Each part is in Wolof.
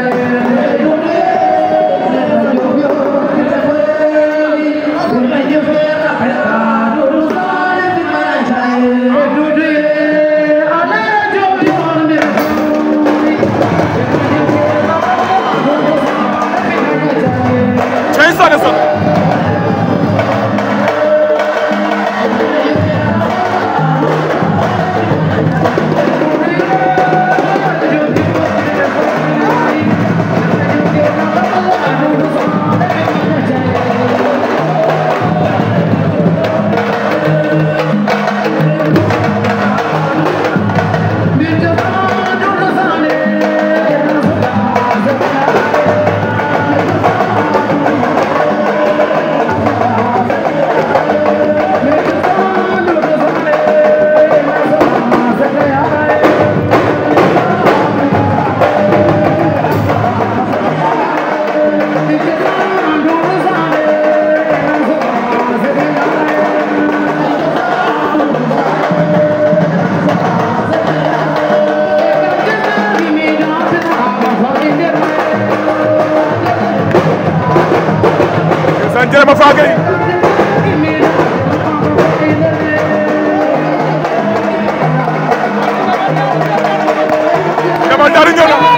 Yeah. Ibrahima Fagué Jamal Daru ñëw na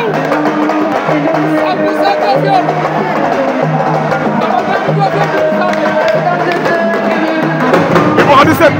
Ibou Khady Sène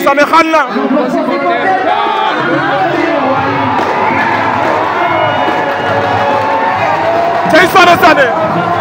Aliou Sané xañ na cey Sané Sané